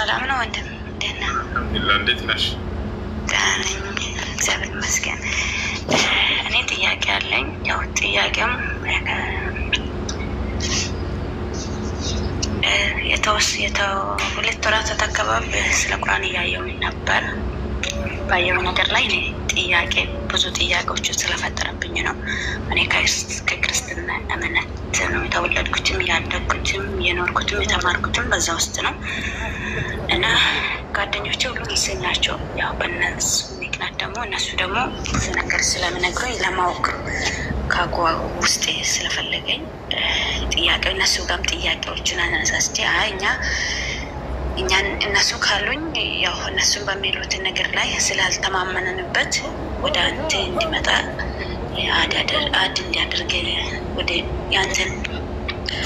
ሰላም ነው ወንድም፣ እንዴት ነህ? እንዴት ነሽ? ደህና ነኝ እግዚአብሔር ይመስገን። እኔ ጥያቄ አለኝ። ያው ጥያቄም ሁለት ወራት አካባቢ ስለ ቁርአን እያየሁኝ ነበር ባየሁ ነገር ላይ ጥያቄ ብዙ ጥያቄዎችን ስለፈጠረብኝ ነው። እኔ ከክርስትና እምነት ነው የተወለድኩትም ያደግኩትም የኖርኩትም የተማርኩትም በዛ ውስጥ ነው እና ጓደኞች ሁሉ ሙስሊም ናቸው። ያው በእነሱ ምክንያት ደግሞ እነሱ ደግሞ ብዙ ነገር ስለምነግረኝ ለማወቅ ከጓ ውስጥ ስለፈለገኝ ጥያቄ እነሱ ጋርም ጥያቄዎችን አነሳስቼ አይ እኛ እኛን እነሱ ካሉኝ ያው እነሱን በሚሉትን ነገር ላይ ስላልተማመንንበት ወደ አንተ እንዲመጣ አድ እንዲያደርግ ወደ ያንተን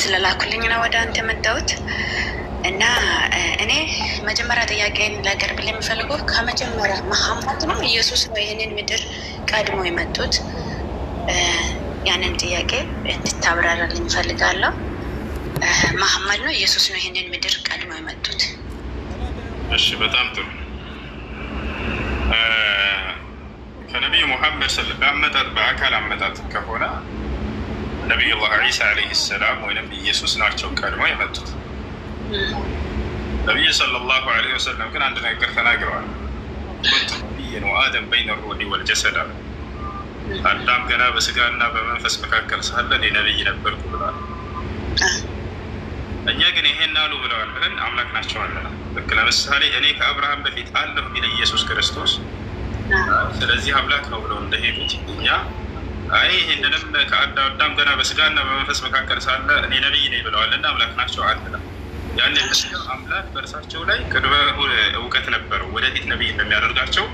ስለላኩልኝ ነው ወደ አንተ መጣሁት እና እኔ መጀመሪያ ጥያቄን ለገርብ የሚፈልጉ ከመጀመሪያ መሐመድ ነው ኢየሱስ ነው ይህንን ምድር ቀድሞ የመጡት? ያንን ጥያቄ እንድታብራራልኝ እፈልጋለሁ። መሐመድ ነው ኢየሱስ ነው ይህንን ምድር ቀድሞ የመጡት? እሺ፣ በጣም ጥሩ። ከነቢዩ ሙሐመድ በአመጣጥ በአካል አመጣጥ ከሆነ ነቢዩላህ ዒሳ ዓለይሂ ሰላም ወይም ኢየሱስ ናቸው ቀድመው የመጡት። ነቢዩ ሰለላሁ ዓለይሂ ወሰለም ግን አንድ ነገር ተናግረዋል። ኩንቱ ነቢይን ወአደም በይነ ሩሒ ወልጀሰድ አለ። አዳም ገና በስጋና በመንፈስ መካከል ሳለ እኔ ነበርኩ ብሏል። እኛ ግን ይሄን አሉ ብለዋል ብለን አምላክ ናቸው አለና ልክ ለምሳሌ እኔ ከአብርሃም በፊት አለሁ የሚል ኢየሱስ ክርስቶስ ስለዚህ አምላክ ነው ብለው እንደሄዱት እኛ አይ ይህንንም ከአዳም ገና በስጋና በመንፈስ መካከል ሳለ እኔ ነቢይ ነኝ ብለዋልና አምላክ ናቸው አለና ያን አምላክ በእርሳቸው ላይ ቅድመ እውቀት ነበረው ወደፊት ነቢይ እንደሚያደርጋቸው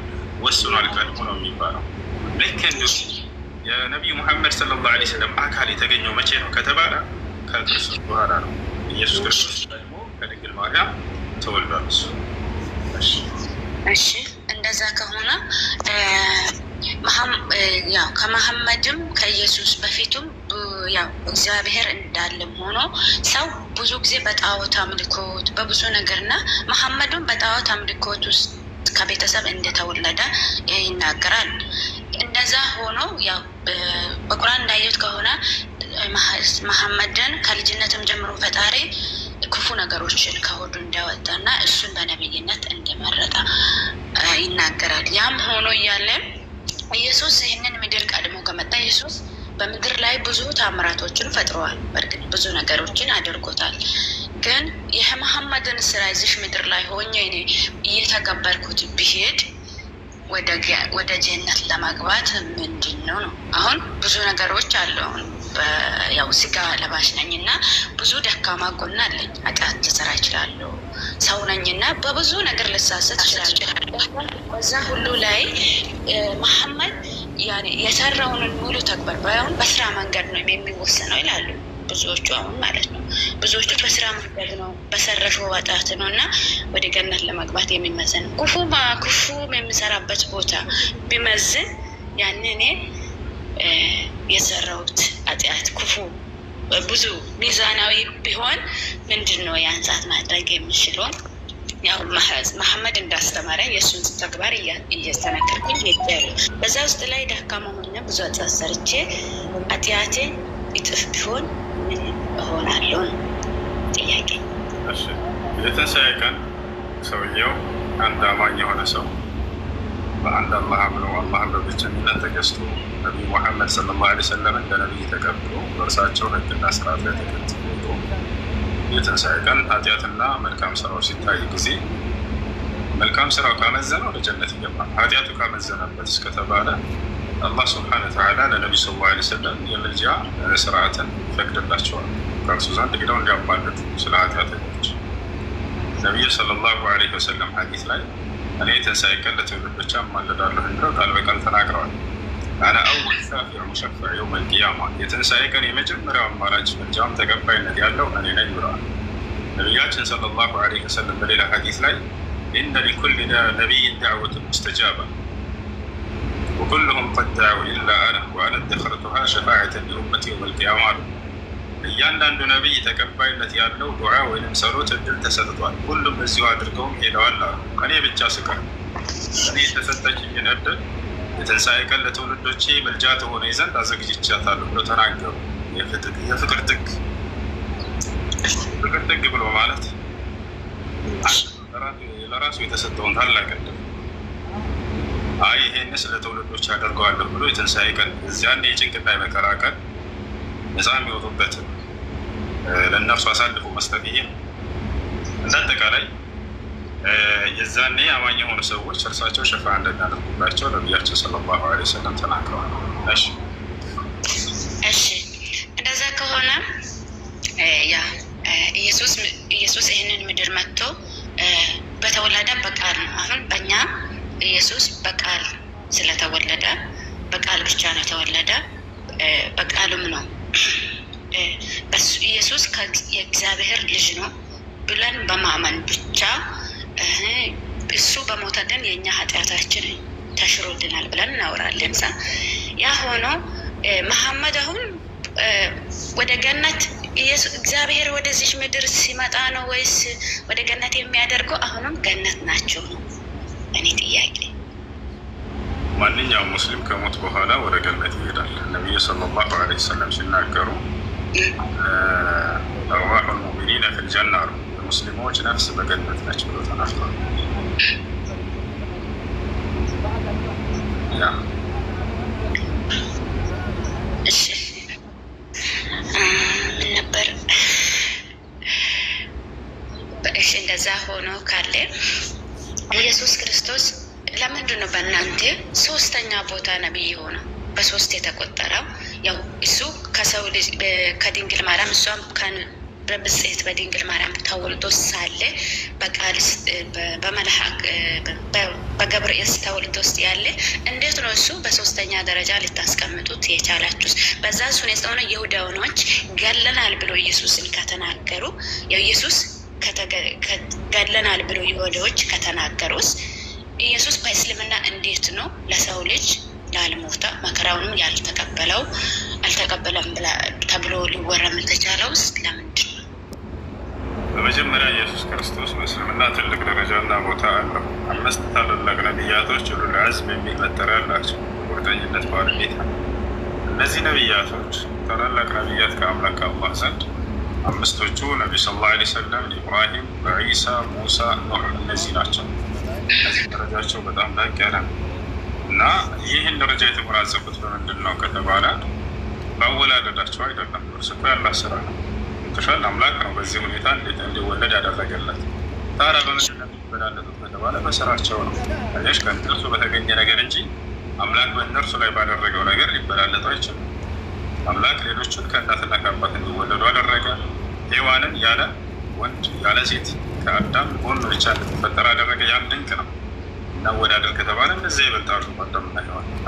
ወስኗል ቀድሞ ነው የሚባለው ልክ እንዲሁ የነቢዩ መሐመድ ሰለላሁ ዐለይሂ ወሰለም አካል የተገኘው መቼ ነው ከተባለ ከክርስቶስ በኋላ ነው ኢየሱስ ክርስቶስ ደግሞ ከድንግል ማርያም ተወልዷል። እሺ፣ እንደዛ ከሆነ ከመሐመድም ከኢየሱስ በፊቱም ያው እግዚአብሔር እንዳለም ሆኖ ሰው ብዙ ጊዜ በጣዖት አምልኮት በብዙ ነገርና መሐመዱም በጣዖት አምልኮት ውስጥ ከቤተሰብ እንደተወለደ ይናገራል። እንደዛ ሆኖ ያው በቁርአን እንዳየሁት ከሆነ መሐመድን ከልጅነትም ጀምሮ ፈጣሪ ክፉ ነገሮችን ከሆዱ እንዳወጣ እና እሱን በነቢይነት እንደመረጠ ይናገራል። ያም ሆኖ እያለ ኢየሱስ ይህንን ምድር ቀድሞ ከመጣ ኢየሱስ በምድር ላይ ብዙ ታምራቶችን ፈጥረዋል። በእርግጥ ብዙ ነገሮችን አድርጎታል። ግን መሐመድን ስራ እዚህ ምድር ላይ ሆኜ እኔ እየተገበርኩት ብሄድ ወደ ጀነት ለመግባት ምንድን ነው ነው? አሁን ብዙ ነገሮች አሉ። ያው ስጋ ለባሽ ነኝ እና ብዙ ደካማ ጎና አለኝ። አጣት ልሰራ ይችላሉ። ሰው ነኝ እና በብዙ ነገር ልሳሰት እችላለሁ። በዛ ሁሉ ላይ መሐመድ የሰራውንን ሙሉ ተግባር ባይሆን በስራ መንገድ ነው የሚወሰነው ይላሉ ብዙዎቹ አሁን ማለት ነው። ብዙዎቹ በስራ መንገድ ነው በሰረሹ ወጣት ነው እና ወደ ገነት ለመግባት የሚመዘን ክፉ ክፉ የምሰራበት ቦታ ቢመዝን ያን እኔ የሰራሁት አጢአት ክፉ ብዙ ሚዛናዊ ቢሆን ምንድን ነው የአንጻት ማድረግ የምችለውን ያው መሐመድ እንዳስተማረ የእሱን ተግባር እየተነገርኩኝ ይገሉ በዛ ውስጥ ላይ ደካማ ሆኜ ብዙ ኃጢአት ሰርቼ አጢአቴ ይጥፍ ቢሆን ምን እሆናለሁ? ጥያቄ የተሳይ ቀን ሰውየው አንድ አማኝ የሆነ ሰው በአንድ አላህ ብለው አላህን በብቸኝነት ተገዝቶ ነቢ ሙሐመድ ሰለላሁ ዓለይሂ ወሰለም እንደ ነቢይ ተቀብሎ በእርሳቸው ህግና ስርዓት ላይ ተከትሎ የትንሣኤ ቀን ኃጢአትና መልካም ስራዎች ሲታይ ጊዜ መልካም ስራው ካመዘነ ወደ ጀነት ይገባል። ኃጢአቱ ካመዘነበት እስከተባለ አላህ ስብሐነ ወተዓላ ለነቢዩ ሰለላሁ ዓለይሂ ወሰለም የምልጃ ስርዓትን ይፈቅድላቸዋል ከእርሱ ዘንድ ሄደው እንዲያማልዱ ስለ ኃጢአተኞች ነቢዩ ሰለላሁ ዓለይሂ ወሰለም ሐዲስ ላይ እኔ ትንሣኤ ቀን ለትውልድ ብቻ እማልዳለሁ ብለው ቃል በቃል ተናግረዋል። አነ አወል ሻፊዕ ሙሸፈዕ የውም አልቂያማ የትንሣኤ ቀን የመጀመሪያው አማራጭ ምልጃም ተቀባይነት ያለው እኔ ነኝ ብለዋል። ነቢያችን ሰለላሁ ዐለይሂ ወሰለም በሌላ ሐዲስ ላይ ኢነ ሊኩል ነቢይን ዳዕወቱን ሙስተጃባ ወኩሉሁም ቀድ ዳዐው ኢላ አነ ወአነ እደኸርቱሃ ሸፋዕተን ሊኡመቲ የውም አልቂያማ አሉ። እያንዳንዱ ነቢይ ተቀባይነት ያለው ዱዓ ወይም ሰሎት እድል ተሰጥቷል። ሁሉም እዚሁ አድርገውም ሄደዋል አሉ። እኔ ብቻ ስቀር እኔ የተሰጠች የሚነድል የትንሣኤ ቀን ለትውልዶቼ መልጃ ተሆነ ዘንድ አዘግጅቻታለሁ ብሎ ተናገሩ። የፍቅር ጥግ ፍቅር ጥግ ብሎ ማለት ለራሱ የተሰጠውን ታላቅ እድል አይ ይሄንስ ለትውልዶች አደርገዋለሁ ብሎ የትንሣኤ ቀን እዚያን የጭንቅና የመከራ ቀን ነፃ የሚወጡበትን ለእነርሱ አሳልፎ መስጠት ይሄ ነው። እንደ አጠቃላይ የዛኔ አማኝ የሆኑ ሰዎች እርሳቸው ሽፋ እንደሚያደርጉላቸው ነቢያቸው ሰለላሁ ዐለይሂ ወሰለም ተናግረዋል። እሺ እሺ፣ እንደዛ ከሆነ ያ ኢየሱስ ይህንን ምድር መጥቶ በተወለደ በቃል ነው። አሁን በእኛ ኢየሱስ በቃል ስለተወለደ በቃል ብቻ ነው የተወለደ፣ በቃሉም ነው ኢየሱስ የእግዚአብሔር ልጅ ነው ብለን በማመን ብቻ እሱ በሞተልን የእኛ ኃጢአታችን ተሽሮልናል ብለን እናወራለን። ሳ ያ ሆኖ መሐመድ አሁን ወደ ገነት እግዚአብሔር ወደዚች ምድር ሲመጣ ነው ወይስ ወደ ገነት የሚያደርገው? አሁንም ገነት ናቸው ነው እኔ ጥያቄ ማንኛውም ሙስሊም ከሞት በኋላ ወደ ገነት ይሄዳል። ነቢዩ ሰለላሁ ዐለይሂ ወሰለም ሲናገሩ አርዋሑ ልሙእሚኒነ ፊል ጀና አሉ። ሙስሊሞች ነፍስ በገነት ነች ብሎ ተናግረዋል። ምንድን ነው በእናንተ ሶስተኛ ቦታ ነቢይ የሆነው? በሶስት የተቆጠረው ያው እሱ ከሰው ልጅ ከድንግል ማርያም እሷም በብጽሕት በድንግል ማርያም ተወልዶ ሳለ በቃል በመልአክ በገብርኤል ተወልዶ ውስጥ ያለ እንዴት ነው እሱ በሶስተኛ ደረጃ ልታስቀምጡት የቻላችሁስ? በዛ ሱን ሆነ ይሁዳውኖች ገለናል ብሎ ኢየሱስን ከተናገሩ ያው ኢየሱስ ገለናል ብሎ ይሁዳዎች ከተናገሩስ ኢየሱስ በእስልምና እንዴት ነው ለሰው ልጅ ያልሞተ መከራውንም ያልተቀበለው አልተቀበለም ተብሎ ሊወረም የተቻለው ውስጥ ለምንድን ነው? በመጀመሪያ ኢየሱስ ክርስቶስ በእስልምና ትልቅ ደረጃና ቦታ አለው። አምስት ታላላቅ ነቢያቶች ኡሉል ዐዝም የሚል መጠሪያ አላቸው። ቁርጠኝነት ባለቤት እነዚህ ነቢያቶች ታላላቅ ነቢያት ከአምላክ አላህ ዘንድ አምስቶቹ ነቢ ስ ላ ሰለም ኢብራሂም፣ በዒሳ፣ ሙሳ፣ ኖህ እነዚህ ናቸው። እነዚህ ደረጃቸው በጣም ላቅ ያለ ነው እና ይህን ደረጃ የተጎናጸፉት በምንድን ነው ከተባለ በአወላለዳቸው አይደለም። እርሱ እኮ ያላ ስራ ነው። ክፈል አምላክ ነው በዚህ ሁኔታ እንዴት እንዲወለድ ያደረገለት። ታዲያ በምንድን ነው የሚበላለጡት ከተባለ በስራቸው ነው። አየሽ፣ ከእነርሱ በተገኘ ነገር እንጂ አምላክ በእነርሱ ላይ ባደረገው ነገር ሊበላለጡ አይችልም። አምላክ ሌሎቹን ከእናትና ከአባት እንዲወለዱ አደረገ። ሔዋንን ያለ ወንድ ያለ ሴት ከአዳም ጎን ብቻ እንድትፈጠር አደረገ። ያን ድንቅ ነው። እናወዳደር ከተባለ እነዚያ ይበልጣሉ። አዳም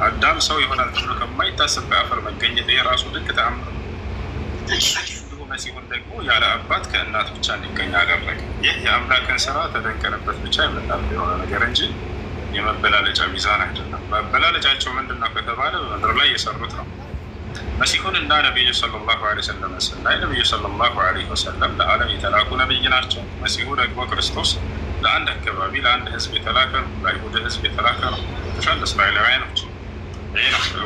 አዳም ሰው ይሆናል ተብሎ ከማይታሰብ በአፈር መገኘት ይሄ ራሱ ድንቅ ተአምር ነው። እንደሆነ ደግሞ ያለ አባት ከእናት ብቻ እንዲገኝ አደረገ። ይህ የአምላክን ስራ ተደንቀንበት ብቻ የምናል የሆነ ነገር እንጂ የመበላለጫ ሚዛን አይደለም። መበላለጫቸው ምንድን ነው ከተባለ በምድር ላይ የሰሩት ነው። መሲሁን እና ነቢዩ ሰለላሁ ዐለይሂ ወሰለም ስናይ ነቢዩ ሰለላሁ ዐለይሂ ወሰለም ለዓለም የተላኩ ነቢይ ናቸው። መሲሁ ደግሞ ክርስቶስ ለአንድ አካባቢ ለአንድ ህዝብ የተላከ ነው። ለአይሁድ ህዝብ የተላከ ነው። ተሻል እስራኤላውያን ናቸው።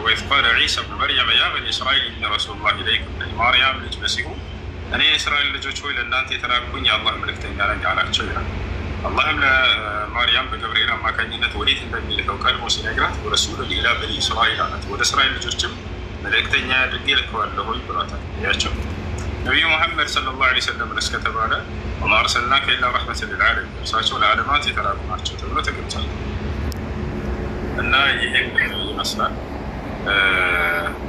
ወኢዝ ቃለ ዒሳ ብን መርያም ያ በኒ እስራኤል ኢኒ ረሱሉላህ ኢለይኩም ማርያም ልጅ መሲሁ እኔ የእስራኤል ልጆች ሆይ ለእናንተ የተላኩኝ የአላህ መልእክተኛ ነኝ አላቸው ይላል። አላህም ለማርያም በገብርኤል አማካኝነት ወዴት እንደሚልከው ቀድሞ ሲነግራት ወረሱሉን ኢላ በኒ እስራኤል አላት። ወደ እስራኤል ልጆችም መልእክተኛ አድርጌ ልከዋለሁኝ ብሏታል። ያቸው ነቢዩ መሐመድ ሰለላሁ ዐለይሂ ወሰለም እስከተባለ ወማ አርሰልናከ ኢላ ረሕመተን ሊልዓለሚን እርሳቸው ለዓለማት የተላኩ ናቸው ተብሎ ተገልጿል። እና ይህም ይመስላል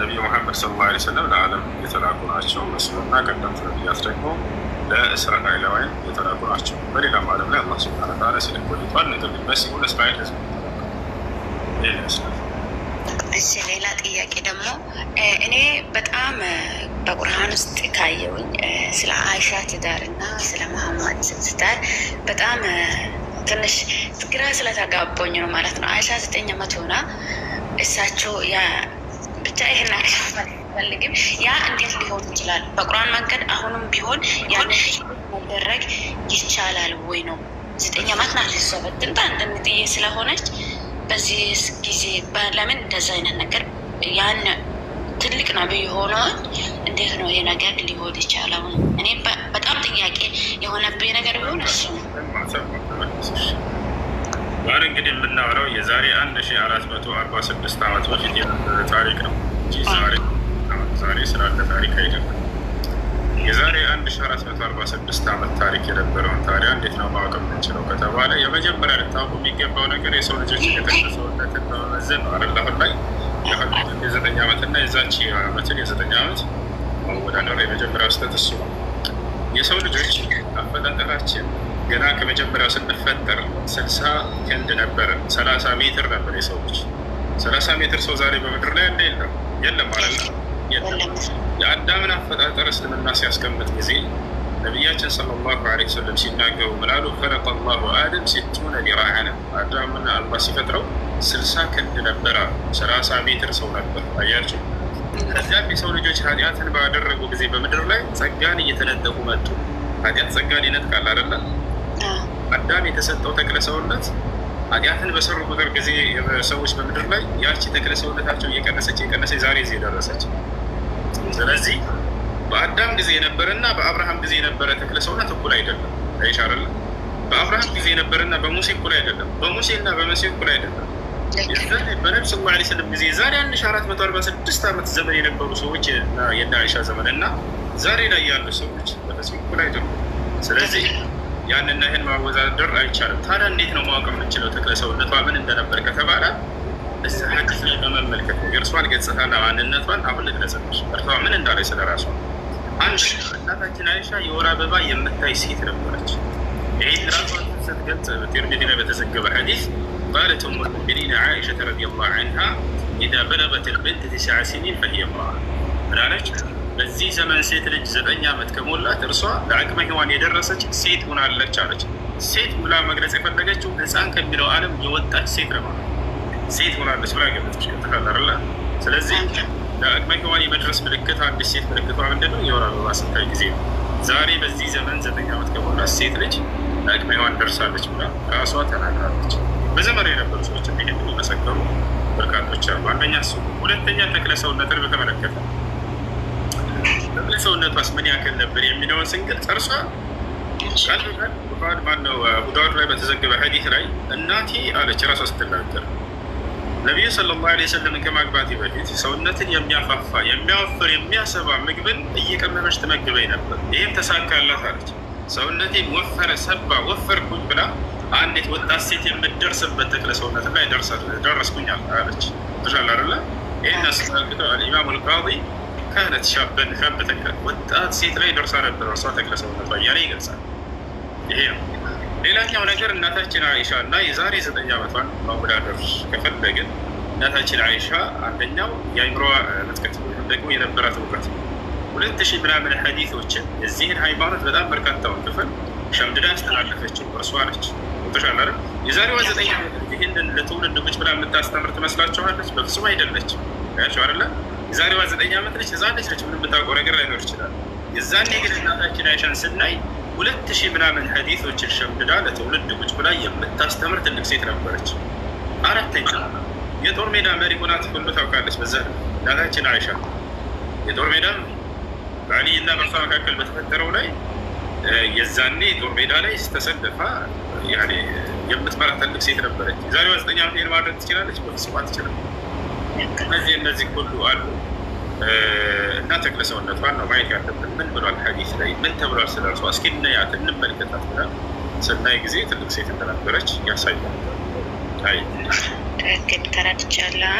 ነቢዩ መሐመድ ሰለላሁ ዐለይሂ ወሰለም ለዓለም የተላኩ ናቸው መስሉና ቀደምት ነቢያት ደግሞ ለእስራኤላውያን የተላኩ ናቸው። በሌላም ዓለም ላይ አላህ ስብሐነ ወተዓላ ሲልክ ቆይቷል። ነገር ግን በሲሁ ለእስራኤል ህዝብ ይመስላል። እሺ ሌላ ጥያቄ ደግሞ እኔ በጣም በቁርሃን ውስጥ ካየውኝ ስለ አይሻ ትዳር እና ስለ መሐማድ ትዳር በጣም ትንሽ ግራ ስለተጋቦኝ ነው ማለት ነው። አይሻ ዘጠኝ ዓመት ሆና እሳቸው ያ ብቻ ይህን ፈልግም ያ እንዴት ሊሆን ይችላል? በቁርአን መንገድ አሁንም ቢሆን ያን መደረግ ይቻላል ወይ ነው? ዘጠኝ ዓመት ናት እሷ በትንታ እንደምትዬ ስለሆነች በዚህ ጊዜ ለምን እንደዚ አይነት ነገር ያን ትልቅ ነብይ ሆኖ እንዴት ነው ይሄ ነገር ሊሆን ይቻለው? እኔ በጣም ጥያቄ የሆነብኝ ነገር ቢሆን እሱ ነው። ዛሬ እንግዲህ የምናወራው የዛሬ አንድ ሺ አራት መቶ አርባ ስድስት ዓመት በፊት የነበረ ታሪክ ነው እንጂ ዛሬ ስላለ ታሪክ አይደለም። የዛሬ 1446 ዓመት ታሪክ የነበረውን ታዲያ እንዴት ነው ማወቅ የምንችለው ከተባለ የመጀመሪያ ልታወቁ የሚገባው ነገር የሰው ልጆች የተከሰውነትን በመመዘን ነው። አለ አሁን ላይ የፈሉትን የዘጠኝ ዓመትና የዛች ዓመትን የዘጠኝ ዓመት መወዳደር የመጀመሪያው ስህተት እሱ ነው። የሰው ልጆች አፈጣጠራችን ገና ከመጀመሪያው ስንፈጠር ስልሳ ክንድ ነበረ፣ ሰላሳ ሜትር ነበር የሰው ልጅ። ሰላሳ ሜትር ሰው ዛሬ በምድር ላይ እንደ የለም የለም አለ የለም የአዳምን አፈጣጠር እስልምና ሲያስቀምጥ ጊዜ ነቢያችን ሰለላሁ ዐለይሂ ወሰለም ሲናገሩ ምናሉ ፈለቀ ላሁ አደም ሲቱነ ዲራአነ አዳምን አላህ ሲፈጥረው ስልሳ ክንድ ነበረ፣ ሰላሳ ሜትር ሰው ነበር። አያቸው። ከዚያም የሰው ልጆች ኃጢአትን ባደረጉ ጊዜ በምድር ላይ ጸጋን እየተነጠቁ መጡ። ኃጢአት ጸጋን ይነጥቃል አይደለ? አዳም የተሰጠው ተክለ ሰውነት ኃጢአትን በሰሩ ቁጥር ጊዜ ሰዎች በምድር ላይ ያቺ ተክለ ሰውነታቸው እየቀነሰች እየቀነሰች ዛሬ እዚህ ደረሰች። ስለዚህ በአዳም ጊዜ የነበረና በአብርሃም ጊዜ የነበረ ተክለ ሰውነት እኩል አይደለም። አይሻርለ በአብርሃም ጊዜ የነበረና በሙሴ እኩል አይደለም። በሙሴና በመሲህ እኩል አይደለም። የዛኔ በነብስ ላ ስለም ጊዜ ዛሬ አንድ አራት መቶ አርባ ስድስት ዓመት ዘመን የነበሩ ሰዎች የእነ አይሻ ዘመን እና ዛሬ ላይ ያሉ ሰዎች በመሲህ እኩል አይደሉም። ስለዚህ ያንና ይህን ማወዛደር አይቻልም። ታዲያ እንዴት ነው ማወቅ የምንችለው ተክለ ሰውነቷ ምን እንደነበር ከተባለ ክፍል ላይ በመመልከት ነው። የእርሷን ገጽታና ማንነቷን አሁን ልግለጽልሽ። እርሷ ምን እንዳለ ስለ ራሷ አንድ እናታችን አይሻ የወር አበባ የምታይ ሴት ነበረች። ይህ ራሷን ስትገልጽ በቲርሚዚ ላይ በተዘገበ ሐዲስ قالت ام المؤمنين عائشه رضي الله عنها اذا بلغت البنت تسع سنين فهي امراه በዚህ ዘመን ሴት ልጅ ዘጠኝ ዓመት ከሞላት እርሷ ለአቅመ ሔዋን የደረሰች ሴት ሆናለች አለች። ሴት ብላ መግለጽ የፈለገችው ህፃን ከሚለው ዓለም የወጣች ሴት ለማለት ነው። ሴት ሆናለች ብላ ገለች ተካታርላ። ስለዚህ ለአቅመ ሔዋን የመድረስ ምልክት አንድ ሴት ምልክቷ ምንድን ነው? የወር አበባ ስታይ ጊዜ ነው። ዛሬ በዚህ ዘመን ዘጠኝ ዓመት ከሞላት ሴት ልጅ ለአቅመ ሔዋን ደርሳለች ብላ ራሷ ተናግራለች። በዘመኑ የነበሩ ሰዎች እንዲህ የሚመሰከሩ በርካቶች አሉ። አንደኛ እሱ፣ ሁለተኛ ተክለ ሰውነትን በተመለከተ ተክለ ሰውነቷስ ምን ያክል ነበር የሚለውን ስንገልጽ እርሷ ቃል በቃል ማነው ቡዳዋድ ላይ በተዘገበ ሀዲት ላይ እናቴ አለች ራሷ ስትናገር ነቢዩ ሰለላሁ ዓለይሂ ወሰለም ከማግባት በፊት ሰውነትን የሚያፋፋ የሚያወፍር የሚያሰባ ምግብን እየቀመመች ትመግበኝ ነበር። ይህም ተሳካላት አለች። ሰውነቴን ወፈረ፣ ሰባ፣ ወፈርኩኝ ብላ አንዲት ወጣት ሴት የምደርስበት ተክለ ሰውነት ላይ ደረስኩኝ አለች። ተሻለ አለ ይህን አስተመልክቶ ኢማሙ ልቃዲ ካህነት ሻበን ሻበ ወጣት ሴት ላይ ደርሳ ነበር። እርሷ ተክለ ሰውነቷ እያለ ይገልጻል። ይሄ ነው ሌላኛው ነገር እናታችን አይሻ እና የዛሬ ዘጠኝ ዓመቷን ማወዳደር ከፈለግን እናታችን አይሻ አንደኛው የአይምሮ መጥቀት ወይም ደግሞ የነበራት እውቀት ሁለት ሺህ ምናምን ሐዲቶችን የዚህን ሃይማኖት በጣም በርካታውን ክፍል ሸምድዳ ያስተላለፈችው እርሷ ነች። ቁጥሻል አለ የዛሬዋ ዘጠኝ ዓመት ይህንን ለትውልድ ልጆች ብላ የምታስተምር ትመስላችኋለች? በፍጹም አይደለች። ያቸው አለ የዛሬዋ ዘጠኝ ዓመት ነች። እዛ ነች ነች ምን የምታውቀው ነገር ላይኖር ይችላል። የዛኔ ግን እናታችን አይሻን ስናይ ሁለት ሺህ ምናምን ሀዲሶችን ሸምድዳ ለትውልድ ቁጭ ብላ የምታስተምር ትልቅ ሴት ነበረች። አራተኛ የጦር ሜዳ መሪ ሆና ሁሉ ታውቃለች። በዛ እናታችን አይሻ የጦር ሜዳ በአሊ እና በእሷ መካከል በተፈጠረው ላይ የዛኔ የጦር ሜዳ ላይ ስተሰልፋ የምትመራ ትልቅ ሴት ነበረች። የዛሬዋ ዘጠኝ ዓመት ማድረግ ትችላለች? በስፋት ትችላለች። እነዚህ እነዚህ ሁሉ አሉ። እናተ ተክለ ሰውነቷን ነው ማየት ያለብን። ምን ብሏል ሐዲስ ላይ ምን ተብሏል ስለ እርሷ? እስኪ እናያት እንመልከታት ብላ ስናይ ጊዜ ትልቅ ሴት እንደነበረች ያሳያል። ትክክል ተረድቻለሁ።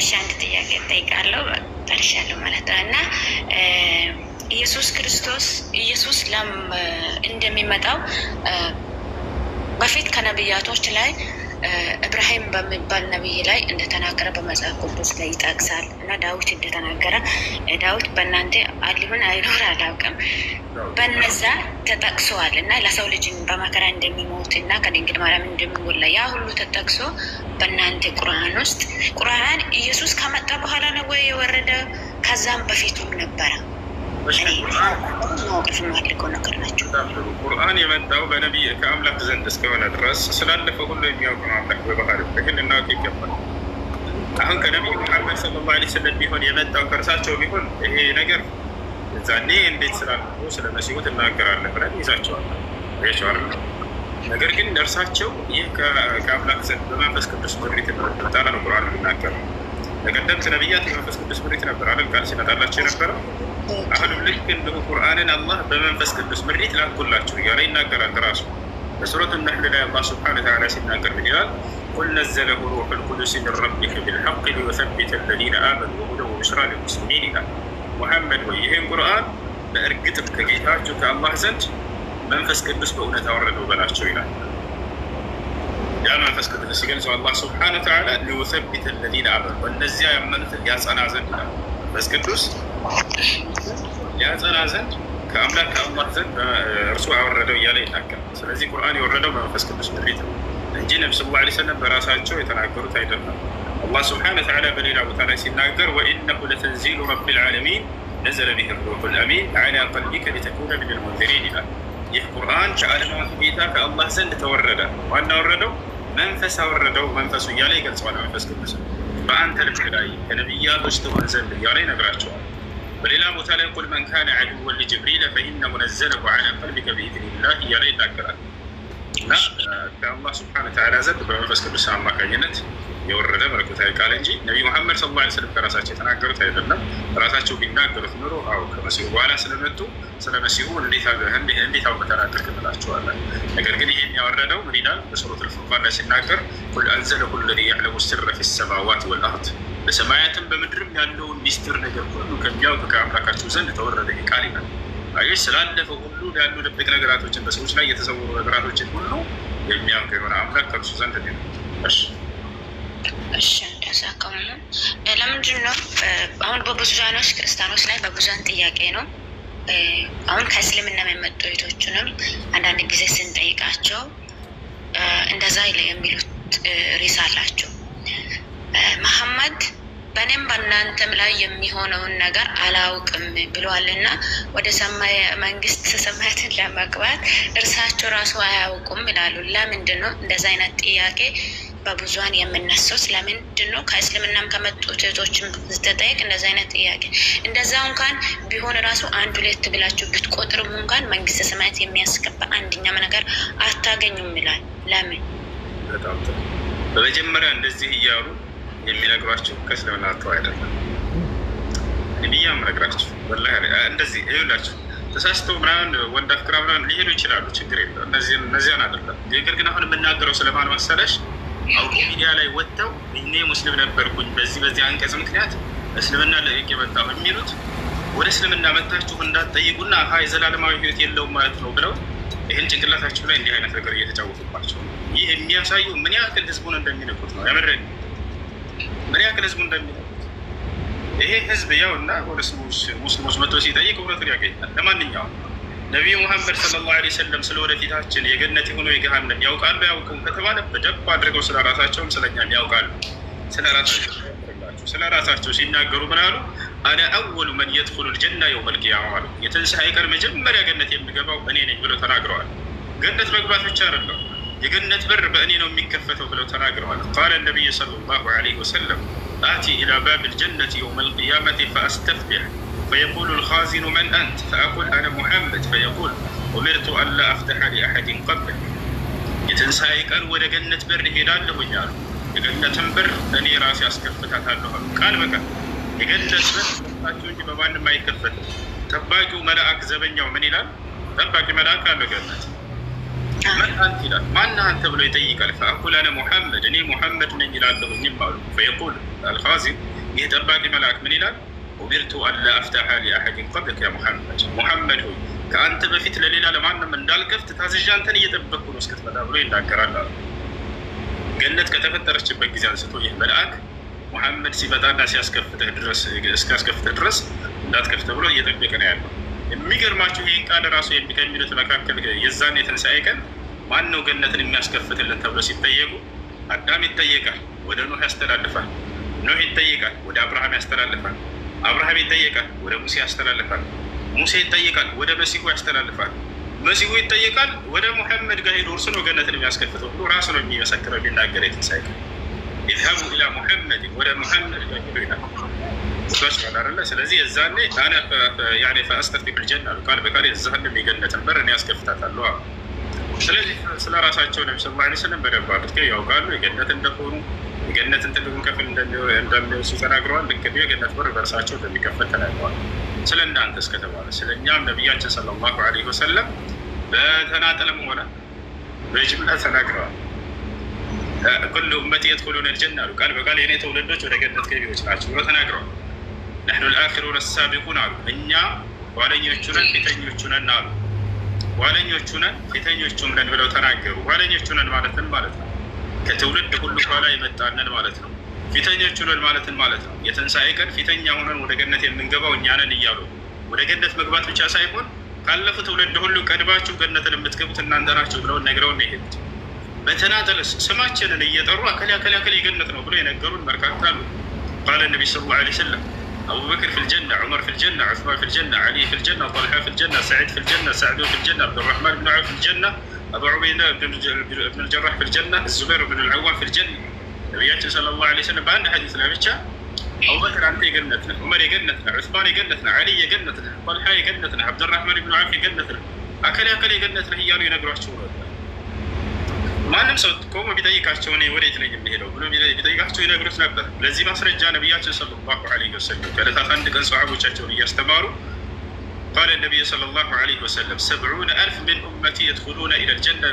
እሺ አንድ ጥያቄ እጠይቃለሁ። ጠርሻለሁ ማለት ነው እና ኢየሱስ ክርስቶስ ኢየሱስ ለም እንደሚመጣው በፊት ከነብያቶች ላይ እብራሂም በሚባል ነቢይ ላይ እንደተናገረ በመጽሐፍ ቅዱስ ላይ ይጠቅሳል እና ዳዊት እንደተናገረ ዳዊት በእናንተ አሊሁን አይኖር አላውቅም በነዛ ተጠቅሰዋል እና ለሰው ልጅ በመከራ እንደሚሞት እና ከድንግል ማርያም እንደሚወላ ያ ሁሉ ተጠቅሶ በእናንተ ቁርአን ውስጥ ቁርአን ኢየሱስ ከመጣ በኋላ ነው ወይ የወረደ? ከዛም በፊቱም ነበረ ቁርአን የመጣው በነቢይ ከአምላክ ዘንድ እስከሆነ ድረስ ስላለፈ ሁሉ የሚያውቅ አምላክ በባህሪው ግን እናውቅ ይገባል። አሁን ከነቢይ መሐመድ ሰለላሁ ዐለይሂ ወሰለም ቢሆን የመጣው ከእርሳቸው ቢሆን ይሄ ነገር እዛኔ እንዴት ስላለ ስለ መሲሁ ትናገራለህ ብለን ይዛቸዋል ቸዋል ነገር ግን እርሳቸው ይህ ከአምላክ ዘንድ በመንፈስ ቅዱስ ምሪት ጣላ ነው ቁርአን የሚናገረው። ለቀደምት ነቢያት የመንፈስ ቅዱስ ምሪት ነበር አይደል? ቃል ሲመጣላቸው የነበረው አሁንም ልክ እንዲሁ ቁርአንን አላህ በመንፈስ ቅዱስ ምሪት ላኩላችሁ እያለ ይናገራል። ራሱ በሱረት ነህል ላይ አላህ ስብሐነ ወተዓላ ሲናገር ምን ይላል? ቁል ነዘለሁ ሩሑል ቁዱስ ሚን ረቢከ ቢልሐቅ ሊዩሰቢተ አለዚነ አመኑ ወሁደ ወቡሽራ ሊልሙስሊሚን ይላል። ሙሐመድ ወይ ይህን ቁርአን በእርግጥም ከጌታችሁ ከአላህ ዘንድ መንፈስ ቅዱስ በእውነት አወረደው በላቸው ይላል። ያ መንፈስ ቅዱስ ሲገልጸው አላህ ስብሐነ ወተዓላ ሊዩሰቢተ አለዚነ አመኑ እነዚያ ያመኑትን ያጸና ዘንድ ይላል መንፈስ ቅዱስ ያጸና ዘንድ ከአምላክ ከአላህ ዘንድ እርሱ አወረደው እያለ ይናገራል። ስለዚህ ቁርአን የወረደው በመንፈስ ቅዱስ ምሪት ነው እንጂ ነቢ ስ ላ ሰለም በራሳቸው የተናገሩት አይደለም። አላህ ስብሓነ ወተዓላ በሌላ ቦታ ላይ ሲናገር ወኢነሁ ለተንዚሉ ረቢ ልዓለሚን ነዘለ ብህ ሩሑ ልአሚን ዓላ ቀልቢከ ሊተኩነ ምን ልሙንዚሪን ይላል። ይህ ቁርአን ከዓለማቱ ጌታ ከአላህ ዘንድ ተወረደ። ዋና ወረደው መንፈስ አወረደው መንፈሱ እያለ ይገልጸዋል። መንፈስ ቅዱስ በአንተ ልብ ላይ ከነቢያቶች ትሆን ዘንድ እያለ ይነግራቸዋል። በሌላ ቦታ ላይ ቁል መን ካነ አድወን ሊጅብሪል ፈኢነ ሙነዘለሁ ዐላ ቀልቢከ ቢኢዝኒላህ እያለ ይናገራል። እና በአላህ ስብሐነ ወተዓላ ዘንድ በመንፈስ ቅዱስ አማካኝነት የወረደ መለኮታዊ ቃል እንጂ ነቢዩ መሐመድ ሰለላሁ ዐለይሂ ወሰለም ከራሳቸው የተናገሩት አይደለም። ራሳቸው ቢናገሩት ኑሮ አዎ ከመሲሁ በኋላ ስለመጡ ስለ መሲሁ እንዴት አውቀህ ተናገርክ እንላቸዋለን። ነገር ግን ይህን ያወረደው ምን ይላል? በሱረቱል ፉርቃን ላይ ሲናገር ቁል አንዘለሁ ለዚ ያዕለሙ ሲረ ፊ ሰማዋት ወልአርድ በሰማያትም በምድርም ያለውን ሚስጢር ነገር ሁሉ ከሚያውቅ ከአምላካቸው ዘንድ ተወረደ ቃል ይላል። አየሽ ስላለፈ ሁሉ ያሉ ደብቅ ነገራቶችን በሰዎች ላይ የተሰወሩ ነገራቶችን ሁሉ የሚያውቅ የሆነ አምላክ ከእርሱ ዘንድ ነው። እሺ እንደዛ ከሆነ ለምንድን ነው አሁን ዛኖች ክርስቲያኖች ላይ በብዙን ጥያቄ ነው። አሁን ከእስልምና የመጡ ቤቶችንም አንዳንድ ጊዜ ስንጠይቃቸው እንደዛ የሚሉት ሪስ አላቸው መሐመድ በእኔም በእናንተም ላይ የሚሆነውን ነገር አላውቅም ብሏልና ወደ ሰማይ መንግስት ሰማያትን ለመግባት እርሳቸው ራሱ አያውቁም ይላሉ። ለምንድን ነው እንደዚ አይነት ጥያቄ በብዙሀን የምነሳው? ስለምንድን ነው ከእስልምናም ከመጡ እህቶችም ስትጠይቅ እንደዚ አይነት ጥያቄ እንደዛ እንኳን ቢሆን ራሱ አንድ ሁለት ብላችሁ ብትቆጥርም እንኳን መንግስት ሰማያት የሚያስገባ አንድኛም ነገር አታገኙም ይላል። ለምን በመጀመሪያ እንደዚህ እያሉ የሚነግሯቸው ከእስልምና ተው አይደለም። ብያ ምነግራቸው ወላ እንደዚህ ይላቸው ተሳስተው ምናምን ወንድ አፍቅራ ምናምን ሊሄዱ ይችላሉ። ችግር የለም እነዚያን አይደለም። ነገር ግን አሁን የምናገረው ስለማን መሰለሽ አውቆ ሚዲያ ላይ ወጥተው እኔ ሙስሊም ነበርኩኝ በዚህ በዚህ አንቀጽ ምክንያት እስልምና ለቅ መጣሁ የሚሉት ወደ እስልምና መታችሁ እንዳትጠይቁና ሀ የዘላለማዊ ህይወት የለውም ማለት ነው ብለው ይህን ጭንቅላታችሁ ላይ እንዲህ አይነት ነገር እየተጫወቱባቸው ይህ የሚያሳየው ምን ያክል ህዝቡን እንደሚነቁት ነው። ምን ያክል ህዝቡ እንደሚለት ይሄ ህዝብ ያው እና ወደ ሙስሊሞች መጥቶ ሲጠይቅ እውነቱን ያገኛል። ለማንኛውም ነቢዩ ሙሐመድ ሰለላሁ ዐለይሂ ወሰለም ስለ ወደፊታችን የገነት የሆነ የገሃነም ያውቃሉ ያውቁ ከተባለ በደንብ አድርገው ስለ ራሳቸውም ስለኛም ያውቃሉ። ስለ ራሳቸው ስለ ራሳቸው ሲናገሩ ምን አሉ? አነ አወሉ መን የድኩሉ ልጀና የውመል ቂያማ አሉ። የትንሣኤ ቀን መጀመሪያ ገነት የሚገባው እኔ ነኝ ብለው ተናግረዋል። ገነት መግባት ብቻ አይደለም የገነት በር በእኔ ነው የሚከፈተው ብለው ተናግረዋል። ቃለ ነቢይ ሰለላሁ ዐለይሂ ወሰለም አቲ ኢላ ባብ ልጀነት የውም ልቅያመት ፈአስተፍትሕ فيقول الخازن من أنت فأقول أنا محمد فيقول أمرت أن لا أفتح لأحد የትንሣኤ ቀን ወደ ገነት በር እሄዳለሁኝ አሉ። የገነትን በር እኔ ራሴ አስከፍታታለሁ አሉ። ቃል በቃል የገነት በር ታቸው እንጂ በማንም አይከፈትም። ጠባቂው መልአክ ዘበኛው ምን ይላል? ጠባቂ መልአክ አለ ገነት መን ይላል ማን አንተ ብሎ ይጠይቃል። ፈአኩል አነ ሙሐመድ እኔ ሙሐመድ ነኝ ይላለሁኝም አሉ። ፈየቁል አልኻዚም ይህ ጠባቂ መልአክ ምን ይላል? ኡሚርቱ አላ አፍታሐ ሊአሐድን ቀብለክ ያ ሙሐመድ፣ ሙሐመድ ሆይ ከአንተ በፊት ለሌላ ለማንም እንዳልከፍት ታዝዣ አንተን እየጠበቅኩ ነው እስክትመጣ ብሎ ይናገራል አሉ። ገነት ከተፈጠረችበት ጊዜ አንስቶ ይህ መልአክ ሙሐመድ ሲመጣና ሲያስከፍተህ ድረስ እስካስከፍተህ ድረስ እንዳትከፍተ ብሎ እየጠበቀ ነው ያለው። የሚገርማችሁ ይህን ቃል ራሱ ከሚሉት መካከል የዛን የትንሣኤ ቀን ማን ነው ገነትን የሚያስከፍትልን ተብሎ ሲጠየቁ አዳም ይጠየቃል፣ ወደ ኖህ ያስተላልፋል። ኖህ ይጠየቃል፣ ወደ አብርሃም ያስተላልፋል። አብርሃም ይጠየቃል፣ ወደ ሙሴ ያስተላልፋል። ሙሴ ይጠየቃል፣ ወደ መሲሁ ያስተላልፋል። መሲሁ ይጠየቃል፣ ወደ ሙሐመድ ጋር ሄዶ እርሱ ነው ገነትን የሚያስከፍተው ብሎ ራሱ ነው የሚመሰክረው የሚናገር የትንሳኤ ይዝሀቡ ኢላ ሙሐመድ ወደ ሙሐመድ ጋር ሄዶ ይላል። ስለዚህ የዛኔ አነ ፈአስተፊ ብልጀና ቃል በቃል የዛህንም የገነትን በር እኔ ያስከፍታታለሁ አሉ። ስለዚህ ስለ ራሳቸው ነቢ ስላ ስለም በደንብ አድርገው ያውቃሉ። የገነት እንደሆኑ የገነት ትልቁን ክፍል እንደሚወሱ ተናግረዋል። ልክ የገነት በር በእርሳቸው እንደሚከፈት ተናግረዋል። ስለ እናንተ እስከተባለ ስለ እኛም ነቢያችን ሰለላሁ ዐለይሂ ወሰለም በተናጠለም ሆነ በጅምላ ተናግረዋል። ኩሉ እመት የድኹሉነ ልጀና አሉ። ቃል በቃል የእኔ ተውልዶች ወደ ገነት ገቢዎች ናቸው ብሎ ተናግረዋል። ነሕኑ ልአኪሩነ ሳቢቁን አሉ። እኛ ኋለኞቹ ነን፣ ፊተኞቹ ነን አሉ። ኋለኞቹ ነን ፊተኞቹም ነን ብለው ተናገሩ። ኋለኞቹ ነን ማለትን ማለት ነው ከትውልድ ሁሉ ኋላ የመጣነን ማለት ነው። ፊተኞቹ ነን ማለትን ማለት ነው የትንሣኤ ቀን ፊተኛ ሆነን ወደ ገነት የምንገባው እኛ ነን እያሉ ወደ ገነት መግባት ብቻ ሳይሆን ካለፉት ትውልድ ሁሉ ቀድማችሁ ገነትን የምትገቡት እናንተ ናችሁ ብለውን ነግረውን የሄዱት በተናጠልስ ስማችንን እየጠሩ አከሌ አከሌ አከሌ የገነት ነው ብሎ የነገሩን በርካታ አሉ። ቃለ ነቢ ስ ላ ሰለም ابو بكر في الجنه عمر في الجنه عثمان في الجنه علي في الجنه طلحه في الجنه سعيد في الجنه سعد في الجنه عبد الرحمن بن عوف في الجنه ابو عبيده بن الجراح في الجنه الزبير بن العوام في الجنه نبياتنا صلى الله عليه وسلم بان حديثنا بتشا ابو بكر انت جنتنا، عمر جنتنا، عثمان جنتنا، علي جنتنا، طلحه جنتنا، عبد الرحمن بن عوف جنتنا. اكل اكل جنتنا هي ينقروا شو ማንም ሰው ቆሞ ቢጠይቃቸው እኔ ወዴት ነው የሚሄደው ብሎ ቢጠይቃቸው ይነግሩት ነበር። ለዚህ ማስረጃ ነቢያችን ሰለላሁ ዐለይሂ ወሰለም ከዕለታት አንድ ቀን ሰሓቦቻቸውን እያስተማሩ ቃለ ነቢይ ሰለላሁ ዐለይሂ ወሰለም ሰብዑነ አልፍ ምን ኡመቲ የድኹሉነ ኢለል ጀነ